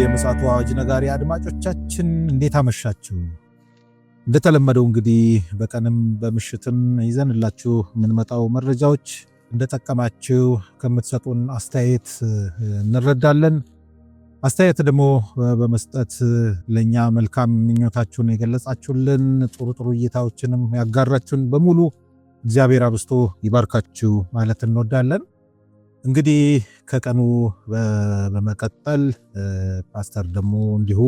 የምፅዓቱ አዋጅ ነጋሪ አድማጮቻችን እንዴት አመሻችሁ? እንደተለመደው እንግዲህ በቀንም በምሽትም ይዘንላችሁ የምንመጣው መረጃዎች እንደጠቀማችሁ ከምትሰጡን አስተያየት እንረዳለን። አስተያየት ደግሞ በመስጠት ለእኛ መልካም ምኞታችሁን የገለጻችሁልን ጥሩ ጥሩ እይታዎችንም ያጋራችሁን በሙሉ እግዚአብሔር አብስቶ ይባርካችሁ ማለት እንወዳለን። እንግዲህ ከቀኑ በመቀጠል ፓስተር ደግሞ እንዲሁ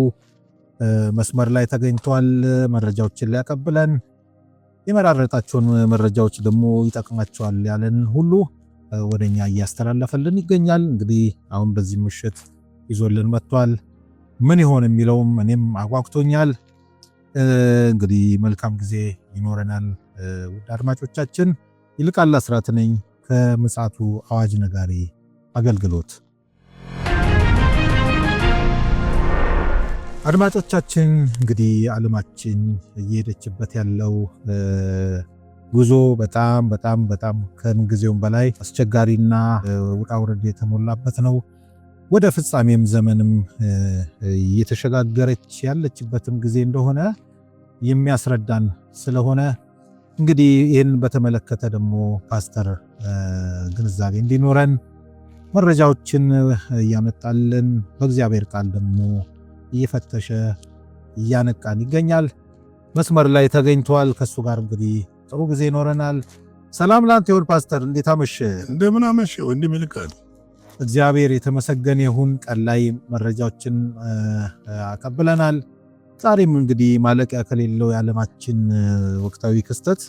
መስመር ላይ ተገኝቷል። መረጃዎችን ሊያቀብለን የመራረጣቸውን መረጃዎች ደግሞ ይጠቅማቸዋል ያለን ሁሉ ወደኛ እያስተላለፈልን ይገኛል። እንግዲህ አሁን በዚህ ምሽት ይዞልን መጥቷል። ምን ይሆን የሚለውም እኔም አጓጉቶኛል። እንግዲህ መልካም ጊዜ ይኖረናል። ውድ አድማጮቻችን ይልቃል አስራት ነኝ። ከምፅዓቱ አዋጅ ነጋሪ አገልግሎት አድማጮቻችን እንግዲህ ዓለማችን እየሄደችበት ያለው ጉዞ በጣም በጣም በጣም ከምንጊዜውም በላይ አስቸጋሪና ውጣውረድ የተሞላበት ነው። ወደ ፍጻሜም ዘመንም እየተሸጋገረች ያለችበትም ጊዜ እንደሆነ የሚያስረዳን ስለሆነ እንግዲህ ይህን በተመለከተ ደግሞ ፓስተር ግንዛቤ እንዲኖረን መረጃዎችን እያመጣልን በእግዚአብሔር ቃል ደግሞ እየፈተሸ እያነቃን ይገኛል። መስመር ላይ ተገኝቷል። ከሱ ጋር እንግዲህ ጥሩ ጊዜ ይኖረናል። ሰላም ላንተ ይሁን ፓስተር፣ እንዴት አመሸ? እንደምን አመሸ ወንድም ይልቃል። እግዚአብሔር የተመሰገነ ይሁን። ቀን ላይ መረጃዎችን አቀብለናል። ዛሬም እንግዲህ ማለቂያ ከሌለው የዓለማችን ወቅታዊ ክስተት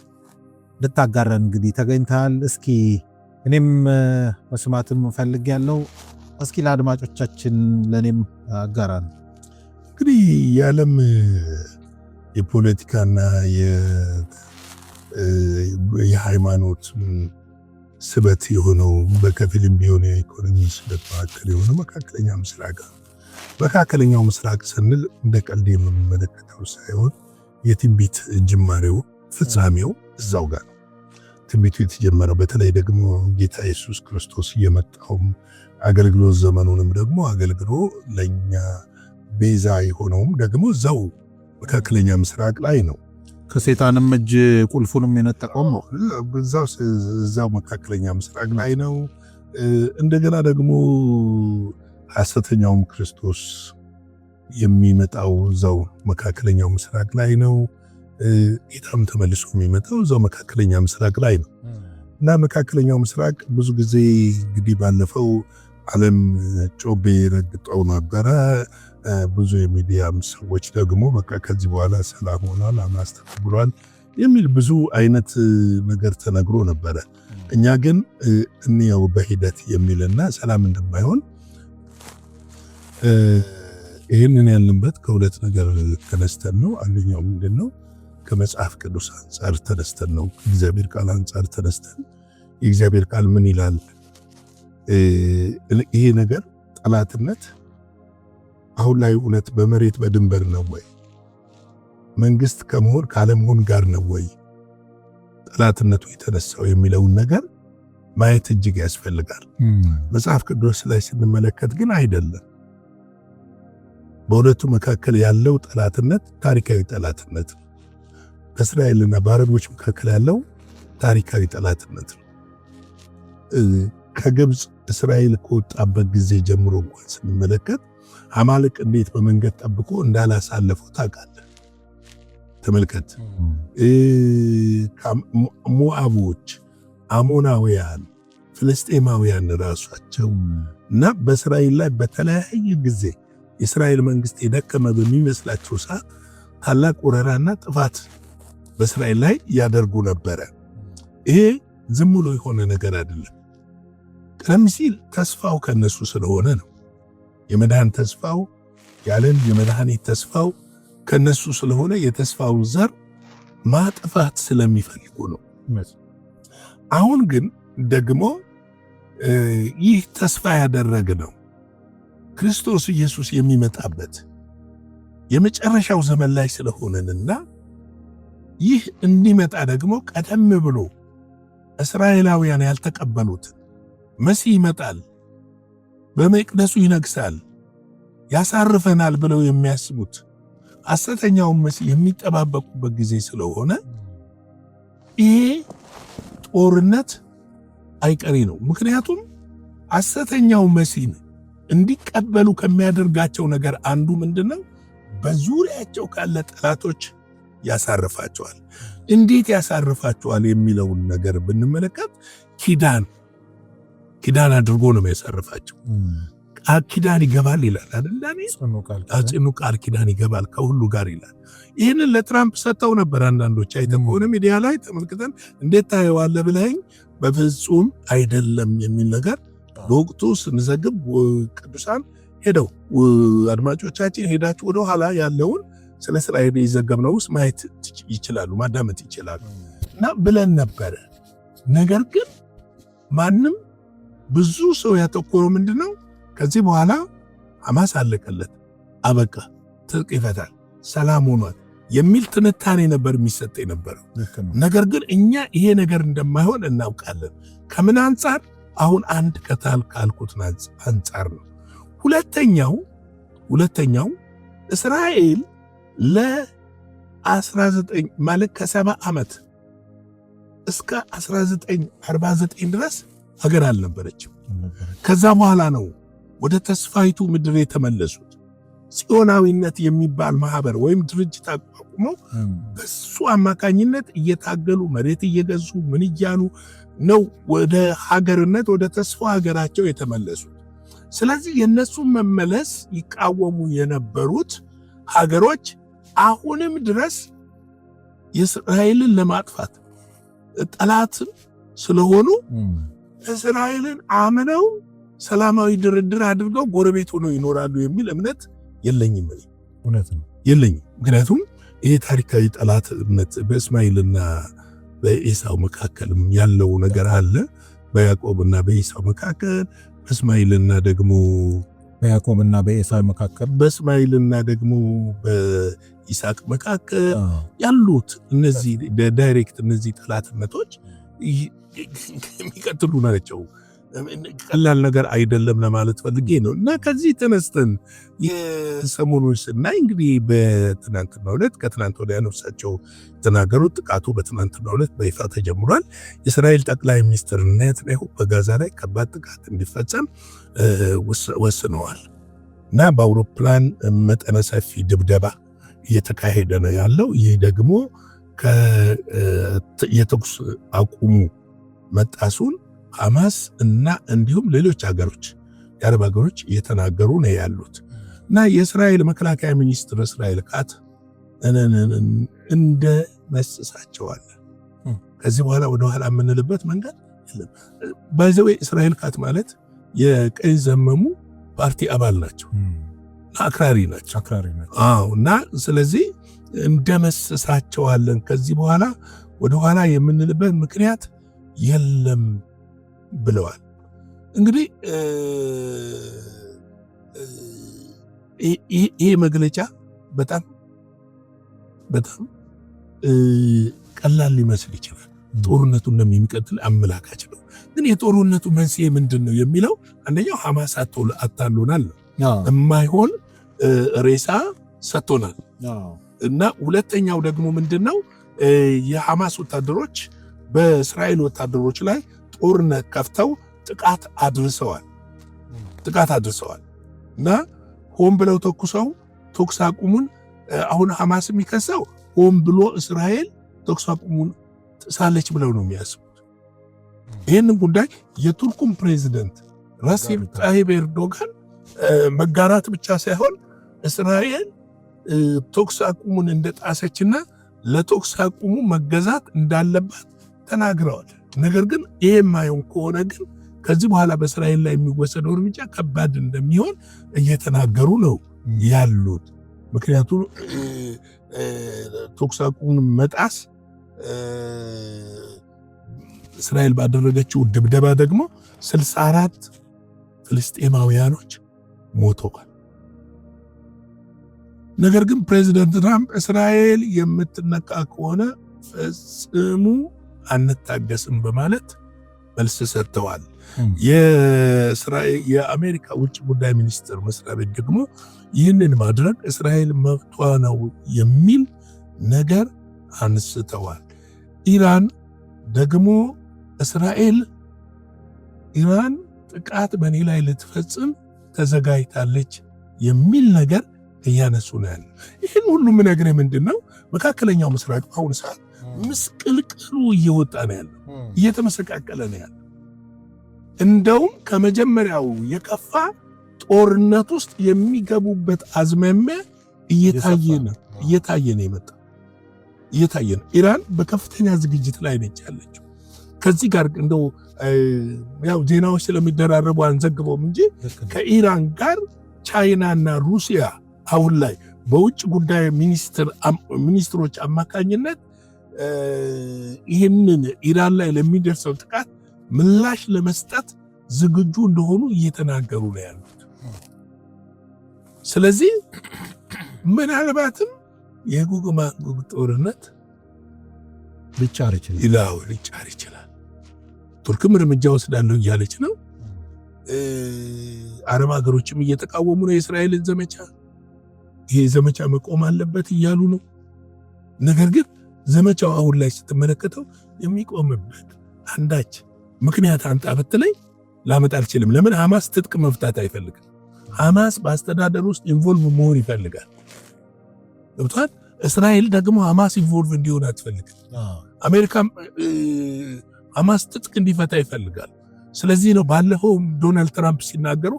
ልታጋረን እንግዲህ ተገኝተሃል። እስኪ እኔም መስማትም ፈልግ ያለው እስኪ ለአድማጮቻችን ለእኔም አጋራን። እንግዲህ የዓለም የፖለቲካና የሃይማኖት ስበት የሆነው በከፊልም ቢሆን የኢኮኖሚ ስበት መካከል የሆነ መካከለኛ ምስራቅ መካከለኛው ምስራቅ ስንል እንደ ቀልድ የምንመለከተው ሳይሆን የትንቢት ጅማሬው ፍጻሜው እዛው ጋር ትንቢቱ የተጀመረው በተለይ ደግሞ ጌታ ኢየሱስ ክርስቶስ እየመጣውም አገልግሎት ዘመኑንም ደግሞ አገልግሎ ለእኛ ቤዛ የሆነውም ደግሞ እዛው መካከለኛ ምስራቅ ላይ ነው። ከሴጣንም እጅ ቁልፉንም የነጠቀውም ነው እዛው መካከለኛ ምስራቅ ላይ ነው። እንደገና ደግሞ ሐሰተኛውም ክርስቶስ የሚመጣው እዛው መካከለኛው ምስራቅ ላይ ነው። ጌታም ተመልሶ የሚመጣው እዛው መካከለኛ ምስራቅ ላይ ነው እና መካከለኛው ምስራቅ ብዙ ጊዜ እንግዲህ ባለፈው ዓለም ጮቤ ረግጠው ነበረ። ብዙ የሚዲያም ሰዎች ደግሞ በቃ ከዚህ በኋላ ሰላም ሆኗል፣ አማስ ተከብሯል የሚል ብዙ አይነት ነገር ተነግሮ ነበረ። እኛ ግን እንየው በሂደት የሚልና ሰላም እንደማይሆን ይህንን ያልንበት ከሁለት ነገር ተነስተን ነው። አንደኛው ምንድን ነው ከመጽሐፍ ቅዱስ አንጻር ተነስተን ነው፣ ከእግዚአብሔር ቃል አንጻር ተነስተን የእግዚአብሔር ቃል ምን ይላል? ይሄ ነገር ጠላትነት አሁን ላይ እውነት በመሬት በድንበር ነው ወይ? መንግስት ከመሆን ካለመሆን ጋር ነው ወይ ጠላትነቱ የተነሳው የሚለውን ነገር ማየት እጅግ ያስፈልጋል። መጽሐፍ ቅዱስ ላይ ስንመለከት ግን አይደለም። በሁለቱ መካከል ያለው ጠላትነት ታሪካዊ ጠላትነት ነው። በእስራኤልና በአረቦች መካከል ያለው ታሪካዊ ጠላትነት ነው። ከግብፅ እስራኤል ከወጣበት ጊዜ ጀምሮ እንኳን ስንመለከት አማልቅ እንዴት በመንገድ ጠብቆ እንዳላሳለፈው ታውቃለህ። ተመልከት፣ ሞአቦች፣ አሞናውያን፣ ፍልስጤማውያን ራሷቸው እና በእስራኤል ላይ በተለያየ ጊዜ የእስራኤል መንግስት የደከመ በሚመስላቸው ሰዓት ታላቅ ወረራና ጥፋት በእስራኤል ላይ ያደርጉ ነበረ። ይሄ ዝም ብሎ የሆነ ነገር አይደለም። ቀደም ሲል ተስፋው ከነሱ ስለሆነ ነው። የመድኃን ተስፋው ያለን የመድኃኒት ተስፋው ከነሱ ስለሆነ የተስፋው ዘር ማጥፋት ስለሚፈልጉ ነው። አሁን ግን ደግሞ ይህ ተስፋ ነው ክርስቶስ ኢየሱስ የሚመጣበት የመጨረሻው ዘመን ላይ ስለሆነንና ይህ እንዲመጣ ደግሞ ቀደም ብሎ እስራኤላውያን ያልተቀበሉት መሲህ ይመጣል፣ በመቅደሱ ይነግሳል፣ ያሳርፈናል ብለው የሚያስቡት ሐሰተኛውን መሲህ የሚጠባበቁበት ጊዜ ስለሆነ ይሄ ጦርነት አይቀሬ ነው። ምክንያቱም ሐሰተኛው መሲህን እንዲቀበሉ ከሚያደርጋቸው ነገር አንዱ ምንድን ነው? በዙሪያቸው ካለ ጠላቶች ያሳርፋቸዋል። እንዴት ያሳርፋቸዋል የሚለውን ነገር ብንመለከት ኪዳን ኪዳን አድርጎ ነው የሚያሳርፋቸው። ኪዳን ይገባል ይላል አደላ ጽኑ ቃል ኪዳን ይገባል ከሁሉ ጋር ይላል። ይህንን ለትራምፕ ሰጥተው ነበር አንዳንዶች አይተም ሚዲያ ላይ ተመልክተን እንዴት ታየዋለ ብለኝ በፍጹም አይደለም የሚል ነገር በወቅቱ ስንዘግብ ቅዱሳን ሄደው አድማጮቻችን ሄዳችሁ ወደኋላ ያለውን ስለ እስራኤል የዘገብነው ውስጥ ማየት ይችላሉ፣ ማዳመጥ ይችላሉ እና ብለን ነበረ። ነገር ግን ማንም ብዙ ሰው ያተኮረው ምንድን ነው? ከዚህ በኋላ ሐማስ አለቀለት፣ አበቃ፣ ትጥቅ ይፈታል፣ ሰላም ሆኗል የሚል ትንታኔ ነበር የሚሰጥ የነበረው። ነገር ግን እኛ ይሄ ነገር እንደማይሆን እናውቃለን። ከምን አንጻር? አሁን አንድ ከታል ካልኩት አንጻር ነው። ሁለተኛው ሁለተኛው እስራኤል ለ19 ማለት ከ70 ዓመት እስከ 1949 ድረስ ሀገር አልነበረችም። ከዛ በኋላ ነው ወደ ተስፋይቱ ምድር የተመለሱት። ጽዮናዊነት የሚባል ማህበር ወይም ድርጅት አቋቁሞ በሱ አማካኝነት እየታገሉ መሬት እየገዙ ምን እያሉ ነው ወደ ሀገርነት ወደ ተስፋ ሀገራቸው የተመለሱት። ስለዚህ የእነሱ መመለስ ይቃወሙ የነበሩት ሀገሮች አሁንም ድረስ እስራኤልን ለማጥፋት ጠላት ስለሆኑ እስራኤልን አምነው ሰላማዊ ድርድር አድርገው ጎረቤት ሆነው ይኖራሉ የሚል እምነት የለኝም የለኝም። ምክንያቱም ይሄ ታሪካዊ ጠላትነት በእስማኤልና በኤሳው መካከል ያለው ነገር አለ። በያዕቆብና በኤሳው መካከል በእስማኤልና ደግሞ በያዕቆብና በኤሳው መካከል በእስማኤልና ደግሞ በኢሳቅ መካከል ያሉት እነዚህ ዳይሬክት እነዚህ ጠላትነቶች የሚቀጥሉ ናቸው። ቀላል ነገር አይደለም ለማለት ፈልጌ ነው። እና ከዚህ ተነስተን የሰሞኑን ስናይ እንግዲህ በትናንትና ዕለት ከትናንት ወዲያ ነፍሳቸው ተናገሩት ጥቃቱ በትናንትና ዕለት በይፋ ተጀምሯል። የእስራኤል ጠቅላይ ሚኒስትር ኔታንያሁ በጋዛ ላይ ከባድ ጥቃት እንዲፈጸም ወስነዋል እና በአውሮፕላን መጠነ ሰፊ ድብደባ እየተካሄደ ነው ያለው። ይህ ደግሞ የተኩስ አቁሙ መጣሱን ሐማስ እና እንዲሁም ሌሎች ሀገሮች የአረብ ሀገሮች እየተናገሩ ነው ያሉት እና የእስራኤል መከላከያ ሚኒስትር እስራኤል ካት እንደ መስሳቸዋለ ከዚህ በኋላ ወደኋላ የምንልበት መንገድ ባይዘዌ እስራኤል ካት ማለት የቀኝ ዘመሙ ፓርቲ አባል ናቸው አክራሪ ናቸው። እና ስለዚህ እንደመስሳቸዋለን ከዚህ በኋላ ወደኋላ የምንልበት ምክንያት የለም። ብለዋል። እንግዲህ ይሄ መግለጫ በጣም በጣም ቀላል ሊመስል ይችላል። ጦርነቱ እንደሚቀጥል አመላካች ነው። ግን የጦርነቱ መንስኤ ምንድን ነው የሚለው አንደኛው ሐማስ አታሎናል ነው የማይሆን ሬሳ ሰጥቶናል እና ሁለተኛው ደግሞ ምንድን ነው የሐማስ ወታደሮች በእስራኤል ወታደሮች ላይ ጦርነት ከፍተው ጥቃት አድርሰዋል ጥቃት አድርሰዋል እና ሆን ብለው ተኩሰው ተኩስ አቁሙን አሁን ሐማስ የሚከሰው ሆን ብሎ እስራኤል ተኩስ አቁሙን ጥሳለች ብለው ነው የሚያስቡት። ይህንን ጉዳይ የቱርኩም ፕሬዚደንት ረሲብ ጣይብ ኤርዶጋን መጋራት ብቻ ሳይሆን እስራኤል ተኩስ አቁሙን እንደጣሰችና ለተኩስ አቁሙ መገዛት እንዳለባት ተናግረዋል። ነገር ግን ይሄ የማይሆን ከሆነ ግን ከዚህ በኋላ በእስራኤል ላይ የሚወሰደው እርምጃ ከባድ እንደሚሆን እየተናገሩ ነው ያሉት። ምክንያቱም ተኩስ መጣስ እስራኤል ባደረገችው ድብደባ ደግሞ 64 ፍልስጤማውያኖች ሞተዋል። ነገር ግን ፕሬዚደንት ትራምፕ እስራኤል የምትነካ ከሆነ ፈጽሙ አንታገስም በማለት መልስ ሰጥተዋል። የእስራኤል የአሜሪካ ውጭ ጉዳይ ሚኒስትር መስሪያ ቤት ደግሞ ይህንን ማድረግ እስራኤል መብቷ ነው የሚል ነገር አንስተዋል። ኢራን ደግሞ እስራኤል ኢራን ጥቃት በእኔ ላይ ልትፈጽም ተዘጋጅታለች የሚል ነገር እያነሱ ነው ያለ። ይህን ሁሉ ምነግር ምንድን ነው መካከለኛው ምስራቅ በአሁኑ ሰዓት ምስቅልቅሉ እየወጣ ነው ያለው፣ እየተመሰቃቀለ ነው ያለው። እንደውም ከመጀመሪያው የከፋ ጦርነት ውስጥ የሚገቡበት አዝማሚያ እየታየ ነው እየታየ ነው የመጣ እየታየ ነው። ኢራን በከፍተኛ ዝግጅት ላይ ነች ያለችው። ከዚህ ጋር እንደው ያው ዜናዎች ስለሚደራረቡ አንዘግበውም እንጂ ከኢራን ጋር ቻይናና ሩሲያ አሁን ላይ በውጭ ጉዳይ ሚኒስትሮች አማካኝነት ይህንን ኢራን ላይ ለሚደርሰው ጥቃት ምላሽ ለመስጠት ዝግጁ እንደሆኑ እየተናገሩ ነው ያሉት። ስለዚህ ምናልባትም የጎግ ማጎግ ጦርነት ሊጫር ይችላል። ቱርክም እርምጃ ወስዳለሁ እያለች ነው። አረብ ሀገሮችም እየተቃወሙ ነው የእስራኤልን ዘመቻ። ይሄ ዘመቻ መቆም አለበት እያሉ ነው። ነገር ግን ዘመቻው አሁን ላይ ስትመለከተው የሚቆምበት አንዳች ምክንያት አንጣ ብትለኝ ላመጣ አልችልም። ለምን ሐማስ ትጥቅ መፍታት አይፈልግም። ሐማስ በአስተዳደር ውስጥ ኢንቮልቭ መሆን ይፈልጋል። ገብቷል። እስራኤል ደግሞ ሐማስ ኢንቮልቭ እንዲሆን አትፈልግም። አሜሪካ ሐማስ ትጥቅ እንዲፈታ ይፈልጋል። ስለዚህ ነው ባለፈው ዶናልድ ትራምፕ ሲናገሩ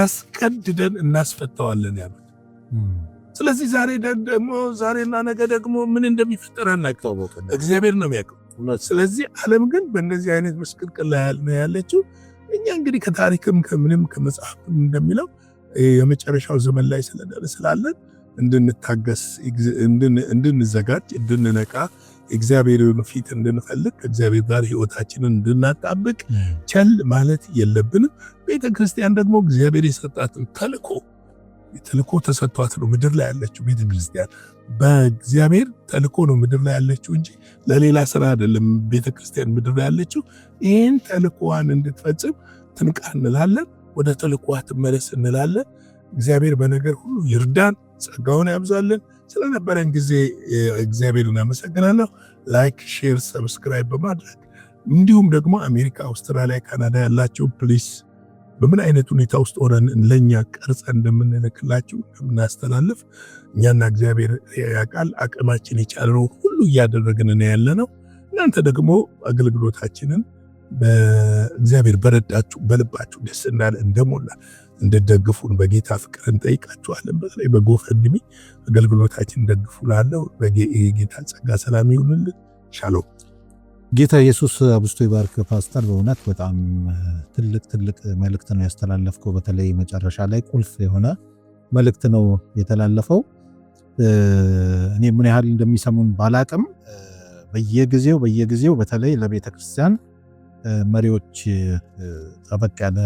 አስቀድደን እናስፈታዋለን ያሉት። ስለዚህ ዛሬ ደግሞ ዛሬና ነገ ደግሞ ምን እንደሚፈጠር አናቅተው እግዚአብሔር ነው የሚያውቀው። ስለዚህ ዓለም ግን በእነዚህ አይነት ምስቅልቅል ላይ ነው ያለችው። እኛ እንግዲህ ከታሪክም ከምንም ከመጽሐፍም እንደሚለው የመጨረሻው ዘመን ላይ ስለደረስላለን እንድንታገስ፣ እንድንዘጋጅ፣ እንድንነቃ እግዚአብሔርን ፊት እንድንፈልግ ከእግዚአብሔር ጋር ህይወታችንን እንድናጣብቅ ቸል ማለት የለብንም። ቤተክርስቲያን ደግሞ እግዚአብሔር የሰጣትን ተልእኮ ተልኮ ተሰጥቷት ነው ምድር ላይ ያለችው ቤተ ክርስቲያን። በእግዚአብሔር ተልኮ ነው ምድር ላይ ያለችው እንጂ ለሌላ ስራ አይደለም። ቤተ ክርስቲያን ምድር ላይ ያለችው ይህን ተልኮዋን እንድትፈጽም ትንቃ እንላለን። ወደ ተልኮዋ ትመለስ እንላለን። እግዚአብሔር በነገር ሁሉ ይርዳን፣ ጸጋውን ያብዛልን። ስለነበረን ጊዜ እግዚአብሔርን አመሰግናለሁ። ላይክ፣ ሼር፣ ሰብስክራይብ በማድረግ እንዲሁም ደግሞ አሜሪካ፣ አውስትራሊያ፣ ካናዳ ያላቸው ፕሊስ በምን አይነት ሁኔታ ውስጥ ሆነን ለእኛ ቀርጸ እንደምንልክላቸው እንደምናስተላልፍ እኛና እግዚአብሔር ያውቃል። አቅማችን የቻልነው ሁሉ እያደረግን ነው ያለ ነው። እናንተ ደግሞ አገልግሎታችንን በእግዚአብሔር በረዳችሁ በልባችሁ ደስ እንዳለ እንደሞላ እንድደግፉን በጌታ ፍቅር እንጠይቃችኋለን። በተለይ በጎፈንድሚ አገልግሎታችን ደግፉ ላለው በጌታ ጸጋ ሰላም ይሁንልን። ሻሎም ጌታ ኢየሱስ አብስቶ ይባርክ። ፓስተር በእውነት በጣም ትልቅ ትልቅ መልእክት ነው ያስተላለፍከው። በተለይ መጨረሻ ላይ ቁልፍ የሆነ መልእክት ነው የተላለፈው። እኔ ምን ያህል እንደሚሰሙን ባላቅም በየጊዜው በየጊዜው በተለይ ለቤተ ክርስቲያን መሪዎች ጠበቅ ያለ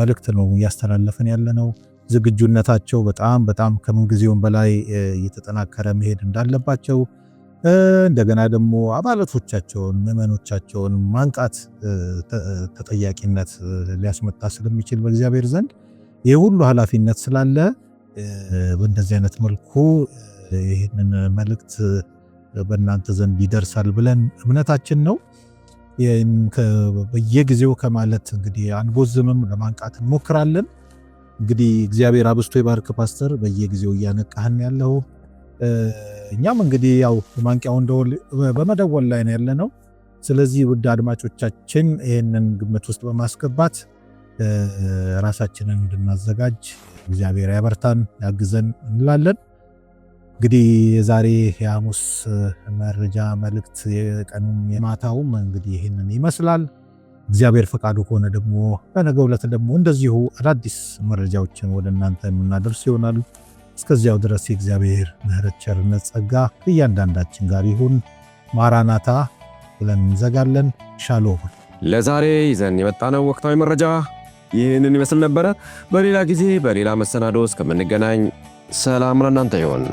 መልእክት ነው እያስተላለፍን ያለ ነው። ዝግጁነታቸው በጣም በጣም ከምንጊዜውም በላይ እየተጠናከረ መሄድ እንዳለባቸው እንደገና ደግሞ አባላቶቻቸውን ምዕመኖቻቸውን ማንቃት ተጠያቂነት ሊያስመጣ ስለሚችል በእግዚአብሔር ዘንድ ይህ ሁሉ ኃላፊነት ስላለ በእንደዚህ አይነት መልኩ ይህንን መልእክት በእናንተ ዘንድ ይደርሳል ብለን እምነታችን ነው። በየጊዜው ከማለት እንግዲህ አንቦዝምም፣ ለማንቃት እንሞክራለን። እንግዲህ እግዚአብሔር አብስቶ ይባርክ ፓስተር፣ በየጊዜው እያነቃህን ያለው እኛም እንግዲህ ያው የማንቂያውን ደወል በመደወል ላይ ነው ነው። ስለዚህ ውድ አድማጮቻችን ይህንን ግምት ውስጥ በማስገባት ራሳችንን እንድናዘጋጅ እግዚአብሔር ያበርታን ያግዘን እንላለን። እንግዲህ የዛሬ የሐሙስ መረጃ መልእክት የቀኑም የማታውም እንግዲህ ይህንን ይመስላል። እግዚአብሔር ፈቃዱ ከሆነ ደግሞ በነገ ዕለት ደግሞ እንደዚሁ አዳዲስ መረጃዎችን ወደ እናንተ የምናደርስ ይሆናል። እስከዚያው ድረስ የእግዚአብሔር ምሕረት፣ ቸርነት፣ ጸጋ ከእያንዳንዳችን ጋር ይሁን። ማራናታ ብለን እንዘጋለን። ሻሎም። ለዛሬ ይዘን የመጣነው ወቅታዊ መረጃ ይህንን ይመስል ነበረ። በሌላ ጊዜ በሌላ መሰናዶ እስከምንገናኝ ሰላም ለእናንተ ይሆን።